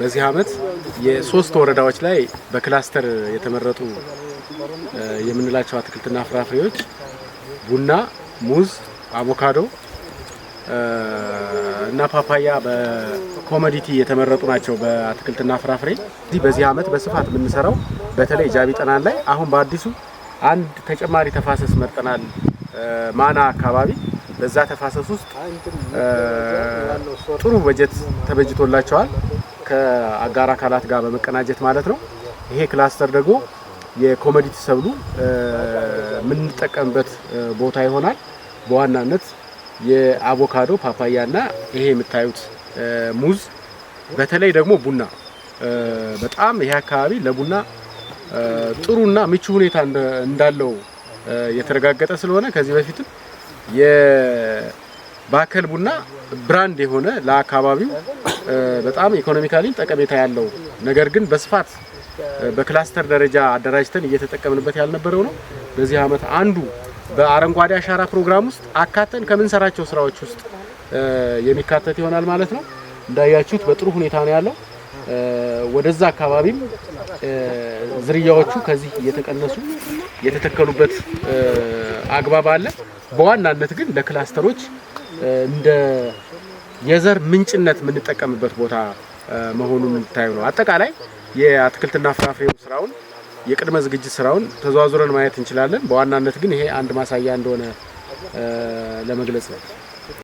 በዚህ አመት የሶስት ወረዳዎች ላይ በክላስተር የተመረጡ የምንላቸው አትክልትና ፍራፍሬዎች ቡና፣ ሙዝ፣ አቮካዶ እና ፓፓያ በኮሞዲቲ የተመረጡ ናቸው። በአትክልትና ፍራፍሬ እዚህ በዚህ አመት በስፋት የምንሰራው በተለይ ጃቢ ጠናን ላይ አሁን በአዲሱ አንድ ተጨማሪ ተፋሰስ መርጠናል፣ ማና አካባቢ በዛ ተፋሰስ ውስጥ ጥሩ በጀት ተበጅቶላቸዋል። ከአጋር አካላት ጋር በመቀናጀት ማለት ነው። ይሄ ክላስተር ደግሞ የኮሞዲቲ ሰብሉ የምንጠቀምበት ቦታ ይሆናል። በዋናነት የአቮካዶ፣ ፓፓያ እና ይሄ የምታዩት ሙዝ፣ በተለይ ደግሞ ቡና በጣም ይሄ አካባቢ ለቡና ጥሩና ምቹ ሁኔታ እንዳለው የተረጋገጠ ስለሆነ ከዚህ በፊትም የባከል ቡና ብራንድ የሆነ ለአካባቢው በጣም ኢኮኖሚካሊ ጠቀሜታ ያለው ነገር ግን በስፋት በክላስተር ደረጃ አደራጅተን እየተጠቀምንበት ያልነበረው ነው። በዚህ አመት አንዱ በአረንጓዴ አሻራ ፕሮግራም ውስጥ አካተን ከምንሰራቸው ስራዎች ውስጥ የሚካተት ይሆናል ማለት ነው። እንዳያችሁት በጥሩ ሁኔታ ነው ያለው። ወደዛ አካባቢም ዝርያዎቹ ከዚህ እየተቀነሱ የተተከሉበት አግባብ አለ። በዋናነት ግን ለክላስተሮች እንደ የዘር ምንጭነት የምንጠቀምበት ቦታ መሆኑን የምታዩ ነው። አጠቃላይ የአትክልትና ፍራፍሬው ስራውን የቅድመ ዝግጅት ስራውን ተዘዋዙረን ማየት እንችላለን። በዋናነት ግን ይሄ አንድ ማሳያ እንደሆነ ለመግለጽ ነው።